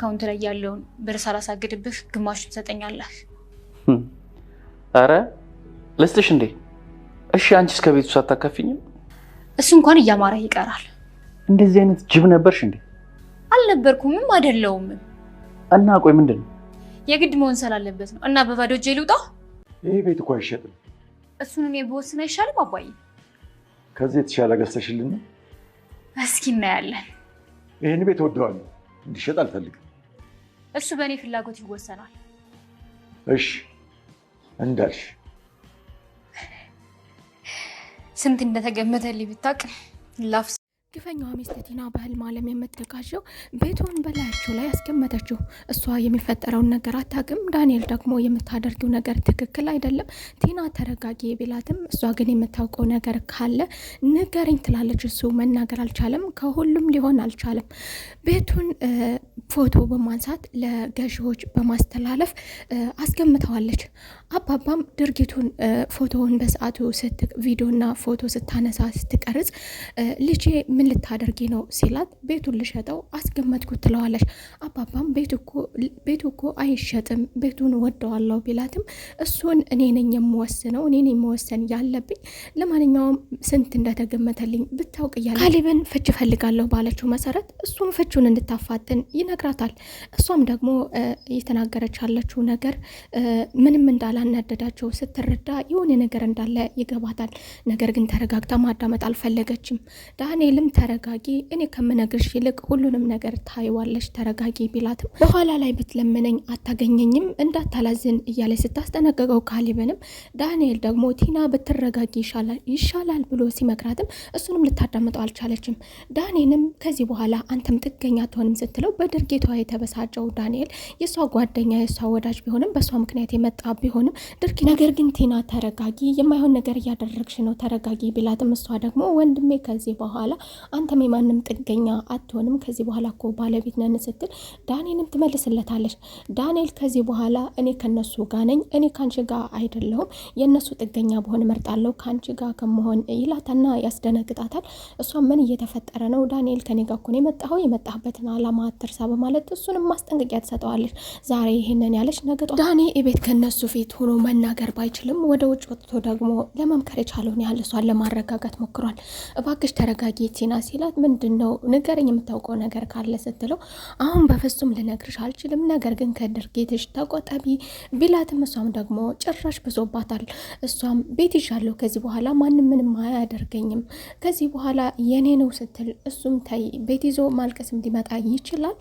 አካውንት ላይ ያለውን ብር ሳላሳግድብህ ግማሹን ትሰጠኛለህ። አረ ልስጥሽ እንዴ? እሺ አንቺ እስከ ቤቱ ሳታከፍኝም? እሱ እንኳን እያማረ ይቀራል። እንደዚህ አይነት ጅብ ነበርሽ እንዴ? አልነበርኩምም፣ አይደለውም። እና ቆይ ምንድን ነው? የግድ መሆን ስላለበት ነው። እና በባዶ እጄ ልውጣ? ይሄ ቤት እኮ አይሸጥም። እሱን እኔ በወስን አይሻልም? አባዬ ከዚህ የተሻለ ገዝተሽልን? እስኪ እናያለን። ይህን ቤት ወደዋል፣ እንዲሸጥ አልፈልግም። እሱ በእኔ ፍላጎት ይወሰናል። እሺ እንዳልሽ። ስንት እንደተገመተልኝ ብታውቅ ላፍ ግፈኛዋ ሚስት ቲና በህልም ዓለም የምትጋዣው ቤቱን በላያቸው ላይ ያስቀመጠችው እሷ የሚፈጠረውን ነገር አታውቅም። ዳንኤል ደግሞ የምታደርጊው ነገር ትክክል አይደለም፣ ቲና ተረጋጊ ቢላትም እሷ ግን የምታውቀው ነገር ካለ ንገረኝ ትላለች። እሱ መናገር አልቻለም፣ ከሁሉም ሊሆን አልቻለም። ቤቱን ፎቶ በማንሳት ለገዢዎች በማስተላለፍ አስገምተዋለች። አባባም ድርጊቱን ፎቶውን በሰዓቱ ቪዲዮና ፎቶ ስታነሳ ስትቀርጽ ልጄ ምን ልታደርጊ ነው ሲላት ቤቱን ልሸጠው አስገመጥኩ ትለዋለች። አባባም ቤቱ እኮ አይሸጥም ቤቱን ወደዋለሁ ቢላትም እሱን እኔ ነኝ የምወስነው እኔ ነኝ መወሰን ያለብኝ፣ ለማንኛውም ስንት እንደተገመተልኝ ብታውቅ እያለች ካሊብን ፍች ፈልጋለሁ ባለችው መሰረት እሱም ፍቹን እንድታፋጥን ይነግራታል። እሷም ደግሞ እየተናገረች ያለችው ነገር ምንም እንዳላናደዳቸው ስትረዳ የሆነ ነገር እንዳለ ይገባታል። ነገር ግን ተረጋግታ ማዳመጥ አልፈለገችም። ዳንኤልም ተረጋጊ፣ እኔ ከምነግርሽ ይልቅ ሁሉንም ነገር ታይዋለሽ፣ ተረጋጊ ቢላትም በኋላ ላይ ብትለምነኝ አታገኘኝም እንዳታላዝን እያለች ስታስጠነቀቀው ካሊብንም ዳንኤል ደግሞ ቲና ብትረጋጊ ይሻላል ብሎ ሲመክራትም እሱንም ልታዳምጠው አልቻለችም። ዳንኤልም ከዚህ በኋላ አንተም ጥገኛ አትሆንም ስትለው በድርጊቷ የተበሳጨው ዳንኤል የእሷ ጓደኛ የእሷ ወዳጅ ቢሆንም በእሷ ምክንያት የመጣ ቢሆንም ድርጊ ነገር ግን ቲና ተረጋጊ፣ የማይሆን ነገር እያደረግሽ ነው፣ ተረጋጊ ቢላትም እሷ ደግሞ ወንድሜ ከዚህ በኋላ አንተም የማንም ጥገኛ አትሆንም፣ ከዚህ በኋላ እኮ ባለቤት ነን ስትል ዳንኤልም ትመልስለታለች። ዳንኤል ከዚህ በኋላ እኔ ከነሱ ጋር ነኝ፣ እኔ ከአንቺ ጋር አይደለሁም፣ የእነሱ ጥገኛ በሆን እመርጣለሁ ከአንቺ ጋር ከመሆን ይላታና ያስደነግጣታል። እሷ ምን እየተፈጠረ ነው? ዳንኤል ከኔ ጋር እኮ ነው የመጣኸው፣ የመጣህበትን አላማ አትርሳ በማለት እሱንም ማስጠንቀቂያ ትሰጠዋለች። ዛሬ ይህንን ያለች ነገጧ ዳኒ ቤት ከነሱ ፊት ሆኖ መናገር ባይችልም ወደ ውጭ ወጥቶ ደግሞ ለመምከር የቻለውን ያህል እሷን ለማረጋጋት ሞክሯል። እባክሽ ተረጋጊ ዜና ሲላት ምንድን ነው ንገረኝ የምታውቀው ነገር ካለ ስትለው አሁን በፍጹም ልነግርሽ አልችልም፣ ነገር ግን ከድርጊትሽ ተቆጠቢ ቢላትም እሷም ደግሞ ጭራሽ ብሶባታል። እሷም ቤት ይዣለሁ፣ ከዚህ በኋላ ማንም ምንም አያደርገኝም፣ ከዚህ በኋላ የኔ ነው ስትል እሱም ታይ ቤት ይዞ ማልቀስም ሊመጣ ይችላል፣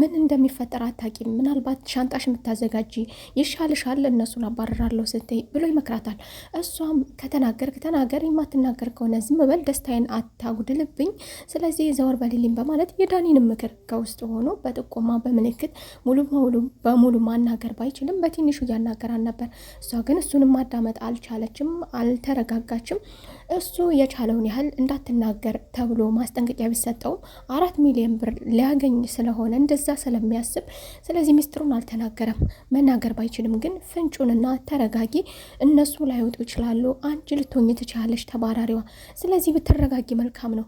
ምን እንደሚፈጠር አታውቂም፣ ምናልባት ሻንጣሽ የምታዘጋጂ ይሻልሻል፣ እነሱን አባረራለሁ ስትይ ብሎ ይመክራታል። እሷም ከተናገርክ ተናገር፣ የማትናገር ከሆነ ዝም በል ደስታዬን አታጉድል አለብኝ፣ ስለዚህ ዘወር በሌሊም በማለት የዳኒንም ምክር ከውስጥ ሆኖ በጥቆማ በምልክት ሙሉ በሙሉ ማናገር ባይችልም በትንሹ እያናገራን ነበር። እሷ ግን እሱንም ማዳመጥ አልቻለችም፣ አልተረጋጋችም። እሱ የቻለውን ያህል እንዳትናገር ተብሎ ማስጠንቀቂያ ቢሰጠውም አራት ሚሊዮን ብር ሊያገኝ ስለሆነ እንደዛ ስለሚያስብ ስለዚህ ሚስጥሩን አልተናገረም። መናገር ባይችልም ግን ፍንጩንና ተረጋጊ፣ እነሱ ላይወጡ ይችላሉ፣ አንቺ ልትሆኝ ትችላለች ተባራሪዋ። ስለዚህ ብትረጋጊ መልካም ነው።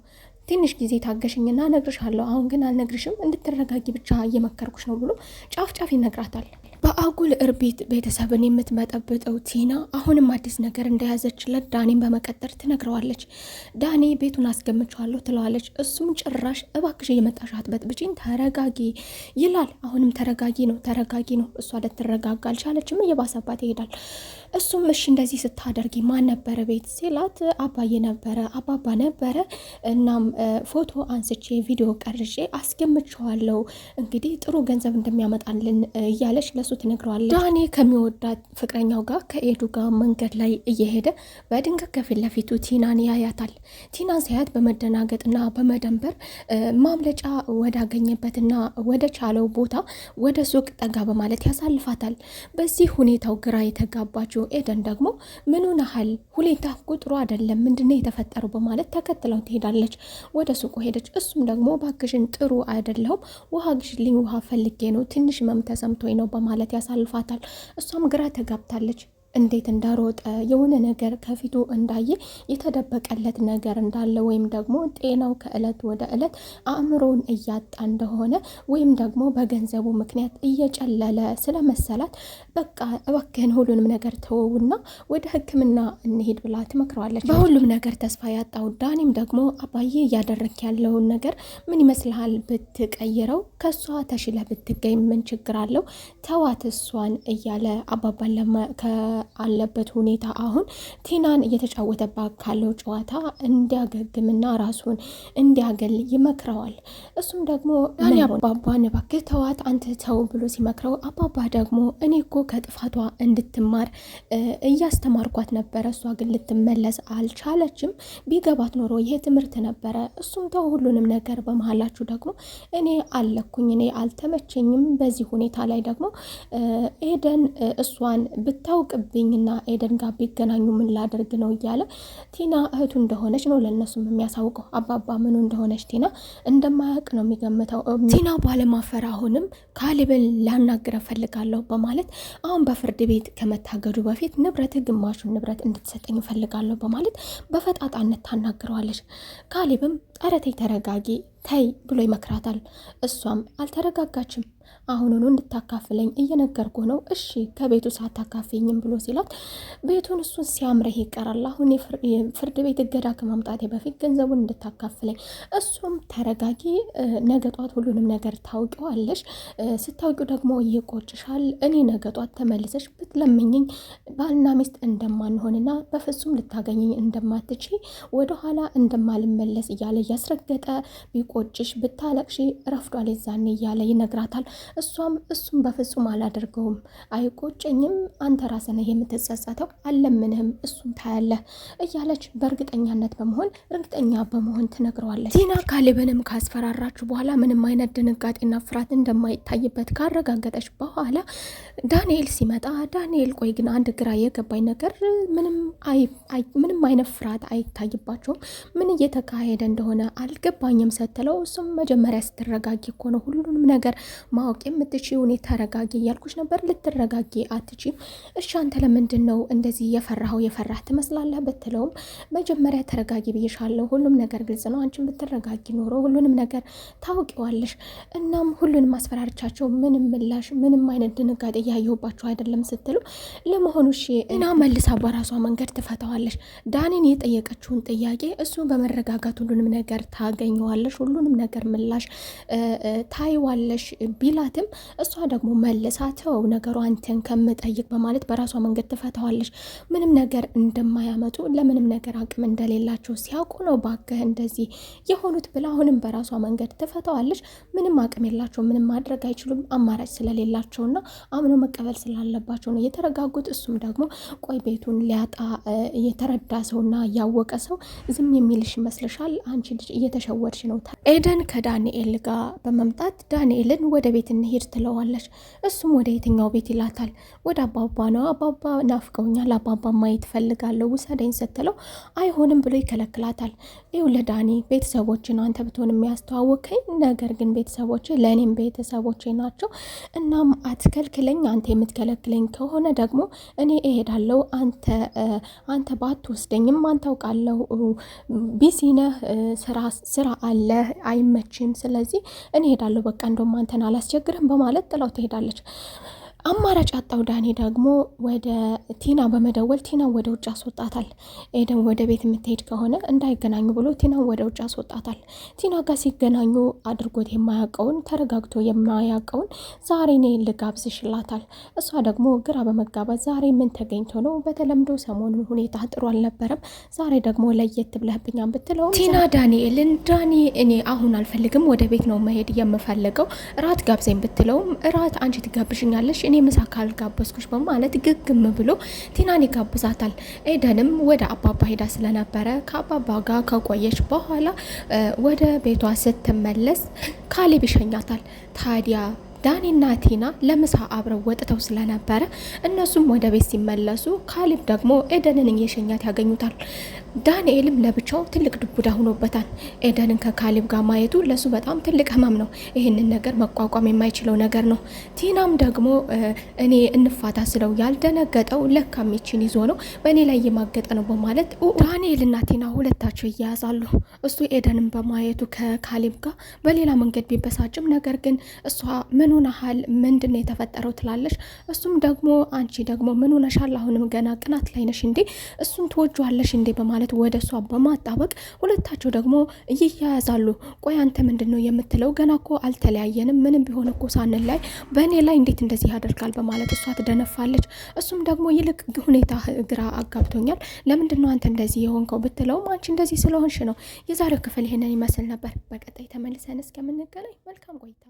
ትንሽ ጊዜ ታገሽኝና እነግርሻለሁ፣ አሁን ግን አልነግርሽም፣ እንድትረጋጊ ብቻ እየመከርኩሽ ነው ብሎ ጫፍ ጫፍ ይነግራታል። በአጉል እርቢት ቤተሰብን የምትመጠብጠው ቲና አሁንም አዲስ ነገር እንደያዘችለት ዳኔን በመቀጠር ትነግረዋለች። ዳኔ ቤቱን አስገምቸዋለሁ ትለዋለች። እሱም ጭራሽ እባክሽ እየመጣሽ አትበጥብጪኝ፣ ተረጋጊ ይላል። አሁንም ተረጋጊ ነው ተረጋጊ ነው። እሷ ልትረጋጋ አልቻለችም፣ እየባሰባት ይሄዳል። እሱም እሺ እንደዚህ ስታደርጊ ማን ነበረ ቤት ሲላት፣ አባዬ ነበረ አባባ ነበረ። እናም ፎቶ አንስቼ ቪዲዮ ቀርጬ አስገምቸዋለሁ እንግዲህ ጥሩ ገንዘብ እንደሚያመጣልን እያለች ለሱ ትነግረዋለች። ዳኔ ከሚወዳት ፍቅረኛው ጋር ከኤዱ ጋር መንገድ ላይ እየሄደ በድንገት ከፊት ለፊቱ ቲናን ያያታል። ቲናን ሲያያት በመደናገጥና በመደንበር ማምለጫ ወዳገኘበትና ወደ ቻለው ቦታ ወደ ሱቅ ጠጋ በማለት ያሳልፋታል። በዚህ ሁኔታው ግራ የተጋባችው ኤደን ደግሞ ምን ሆነሃል? ሁኔታ ቁጥሩ አይደለም ምንድነው የተፈጠረው? በማለት ተከትለው ትሄዳለች። ወደ ሱቁ ሄደች። እሱም ደግሞ ባክሽን ጥሩ አይደለሁም፣ ውሃ ግሽልኝ፣ ውሃ ፈልጌ ነው፣ ትንሽ መም ተሰምቶኝ ነው በማለት ማለት ያሳልፋታል። እሷም ግራ ተጋብታለች። እንዴት እንዳሮጠ የሆነ ነገር ከፊቱ እንዳየ የተደበቀለት ነገር እንዳለ ወይም ደግሞ ጤናው ከእለት ወደ እለት አእምሮውን እያጣ እንደሆነ ወይም ደግሞ በገንዘቡ ምክንያት እየጨለለ ስለመሰላት በቃ እባክህን ሁሉንም ነገር ተወውና ወደ ሕክምና እንሄድ ብላ ትመክረዋለች። በሁሉም ነገር ተስፋ ያጣው ዳኒም ደግሞ አባዬ እያደረክ ያለውን ነገር ምን ይመስልሃል? ብትቀይረው ከእሷ ተሽለ ብትገኝ ምን ችግር አለው? ተዋት እሷን እያለ አባባን አለበት ሁኔታ አሁን ቲናን እየተጫወተባት ካለው ጨዋታ እንዲያገግምና ራሱን እንዲያገል ይመክረዋል። እሱም ደግሞ ዳኒ እባክህ ተዋት አንተ ተው ብሎ ሲመክረው አባባ ደግሞ እኔ እኮ ከጥፋቷ እንድትማር እያስተማርኳት ነበረ፣ እሷ ግን ልትመለስ አልቻለችም። ቢገባት ኖሮ ይሄ ትምህርት ነበረ። እሱም ተው ሁሉንም ነገር በመሀላችሁ ደግሞ እኔ አለኩኝ፣ እኔ አልተመቸኝም። በዚህ ሁኔታ ላይ ደግሞ ኤደን እሷን ብታውቅ እና ኤደን ጋር ቢገናኙ ምን ላደርግ ነው እያለ ቲና እህቱ እንደሆነች ነው ለእነሱም የሚያሳውቀው። አባባ ምኑ እንደሆነች ቲና እንደማያውቅ ነው የሚገምተው። ቲና ባለማፈር አሁንም ካሊብን ላናግረ ፈልጋለሁ በማለት አሁን በፍርድ ቤት ከመታገዱ በፊት ንብረት ግማሹን ንብረት እንድትሰጠኝ እፈልጋለሁ በማለት በፈጣጣነት ታናግረዋለች። ካሊብም ጠረቴ ተረጋጊ ተይ ብሎ ይመክራታል። እሷም አልተረጋጋችም። አሁኑኑ እንድታካፍለኝ እየነገርኩ ነው። እሺ ከቤቱ ሳታካፍኝም ብሎ ሲላት ቤቱን እሱን ሲያምረህ ይቀራል። አሁን ፍርድ ቤት እገዳ ከማምጣቴ በፊት ገንዘቡን እንድታካፍለኝ። እሱም ተረጋጊ፣ ነገ ጧት ሁሉንም ነገር ታውቂዋለሽ። ስታውቂው ደግሞ ይቆጭሻል። እኔ ነገ ጧት ተመልሰሽ ብትለምኝኝ ባልና ሚስት እንደማንሆንና በፍጹም ልታገኘኝ እንደማትች ወደኋላ እንደማልመለስ እያለ እያስረገጠ ብትቆጭሽ ብታለቅሺ ረፍዷል የዛኔ እያለ ይነግራታል። እሷም እሱም በፍጹም አላደርገውም፣ አይቆጨኝም፣ አንተ ራስህ ነህ የምትጸጸተው፣ አለምንህም፣ እሱም ታያለህ እያለች በእርግጠኛነት በመሆን እርግጠኛ በመሆን ትነግረዋለች። ቲና ካሌብንም ካስፈራራችሁ በኋላ ምንም አይነት ድንጋጤና ፍርሃት እንደማይታይበት ካረጋገጠች በኋላ ዳንኤል ሲመጣ ዳንኤል ቆይ ግን አንድ ግራ የገባኝ ነገር ምንም አይነት ፍርሃት አይታይባቸውም ምን እየተካሄደ እንደሆነ አልገባኝም ሰተ የምትለው። እሱም መጀመሪያ ስትረጋጊ እኮ ነው ሁሉንም ነገር ማወቅ የምትችይ። ሁኔታ ተረጋጊ እያልኩሽ ነበር፣ ልትረጋጊ አትችም። እሺ አንተ ለምንድን ነው እንደዚህ የፈራኸው? የፈራህ ትመስላለህ ብትለውም መጀመሪያ ተረጋጊ ብዬሻለሁ። ሁሉም ነገር ግልጽ ነው። አንቺም ብትረጋጊ ኖሮ ሁሉንም ነገር ታውቂዋለሽ። እናም ሁሉንም አስፈራርቻቸው ምንም ምላሽ፣ ምንም አይነት ድንጋጤ እያየሁባቸው አይደለም ስትሉ ለመሆኑ እሺ እና መልሳ በራሷ መንገድ ትፈተዋለሽ ዳኒን የጠየቀችውን ጥያቄ እሱ በመረጋጋት ሁሉንም ነገር ታገኘዋለሽ። ሁሉንም ነገር ምላሽ ታይዋለሽ ቢላትም እሷ ደግሞ መልሳተው ነገሩ አንተን ከምጠይቅ በማለት በራሷ መንገድ ትፈተዋለች። ምንም ነገር እንደማያመጡ ለምንም ነገር አቅም እንደሌላቸው ሲያውቁ ነው ባክህ እንደዚህ የሆኑት ብላ አሁንም በራሷ መንገድ ትፈተዋለች ምንም አቅም የላቸው፣ ምንም ማድረግ አይችሉም። አማራጭ ስለሌላቸውና አምኖ መቀበል ስላለባቸው ነው የተረጋጉት። እሱም ደግሞ ቆይ ቤቱን ሊያጣ የተረዳ ሰውና ያወቀ ሰው ዝም የሚልሽ ይመስልሻል? አንቺ ልጅ እየተሸወድሽ ነው። ኤደን ከዳንኤል ጋር በመምጣት ዳንኤልን ወደ ቤት እንሄድ ትለዋለች። እሱም ወደ የትኛው ቤት ይላታል። ወደ አባባ ነው። አባባ ናፍቀውኛል፣ አባባ ማየት ፈልጋለሁ ውሰደኝ ስትለው አይሆንም ብሎ ይከለክላታል። ይው ለዳኒ ቤተሰቦችን አንተ ብትሆን የሚያስተዋወከኝ ነገር ግን ቤተሰቦች ለእኔም ቤተሰቦቼ ናቸው። እናም አትከልክለኝ። አንተ የምትከለክለኝ ከሆነ ደግሞ እኔ እሄዳለሁ። አንተ አንተ ባትወስደኝም አንታውቃለሁ ቢዚ ነህ፣ ስራ አለህ አይመችም፣ ስለዚህ እኔ ሄዳለሁ በቃ እንደውም አንተን አላስቸግርም በማለት ጥላው ትሄዳለች። አማራጭ አጣው ዳኒ ደግሞ ወደ ቲና በመደወል ቲና ወደ ውጭ አስወጣታል። ኤደን ወደ ቤት የምትሄድ ከሆነ እንዳይገናኙ ብሎ ቲና ወደ ውጭ አስወጣታል። ቲና ጋር ሲገናኙ አድርጎት የማያውቀውን ተረጋግቶ የማያውቀውን ዛሬ እኔ ልጋብዝሽ እሷ ደግሞ ግራ በመጋባት ዛሬ ምን ተገኝቶ ነው? በተለምዶ ሰሞኑን ሁኔታ ጥሩ አልነበረም፣ ዛሬ ደግሞ ለየት ብለህብኛ ብትለው ቲና ዳንኤልን ዳኒ እኔ አሁን አልፈልግም፣ ወደ ቤት ነው መሄድ የምፈልገው፣ እራት ጋብዘኝ ብትለውም እራት አንቺ ትጋብሽኛለሽ እኔ ምሳ ካልጋበዝኩሽ በማለት ግግም ብሎ ቲናን ይጋብዛታል። ኤደንም ወደ አባባ ሄዳ ስለነበረ ከአባባ ጋር ከቆየች በኋላ ወደ ቤቷ ስትመለስ ካሌብ ይሸኛታል። ታዲያ ዳኒና ቲና ለምሳ አብረው ወጥተው ስለነበረ እነሱም ወደ ቤት ሲመለሱ ካሌብ ደግሞ ኤደንን እየሸኛት ያገኙታል። ዳንኤልም ለብቻው ትልቅ ድቡዳ ሆኖበታል። ኤደንን ከካሊብ ጋር ማየቱ ለሱ በጣም ትልቅ ህመም ነው። ይህንን ነገር መቋቋም የማይችለው ነገር ነው። ቲናም ደግሞ እኔ እንፋታ ስለው ያልደነገጠው ለካ ሚችን ይዞ ነው በእኔ ላይ እየማገጠ ነው በማለት ዳንኤልና ቲና ሁለታቸው እያያዛሉ። እሱ ኤደንን በማየቱ ከካሊብ ጋር በሌላ መንገድ ቢበሳጭም፣ ነገር ግን እሷ ምን ሆነሃል? ምንድን ነው የተፈጠረው? ትላለች። እሱም ደግሞ አንቺ ደግሞ ምን ሆነሻል? አሁንም ገና ቅናት ላይ ነሽ እንዴ? እሱን ትወጇለሽ እንዴ? በማለት በማለት ወደ እሷ በማጣበቅ ሁለታቸው ደግሞ ይያያዛሉ። ቆይ አንተ ምንድን ነው የምትለው? ገና እኮ አልተለያየንም፣ ምንም ቢሆን እኮ ሳንን ላይ በእኔ ላይ እንዴት እንደዚህ ያደርጋል? በማለት እሷ ትደነፋለች። እሱም ደግሞ ይልቅ ሁኔታ ግራ አጋብቶኛል፣ ለምንድን ነው አንተ እንደዚህ የሆንከው? ብትለውም አንቺ እንደዚህ ስለሆንሽ ነው። የዛሬው ክፍል ይህንን ይመስል ነበር። በቀጣይ ተመልሰን እስከምንገናኝ መልካም ቆይታ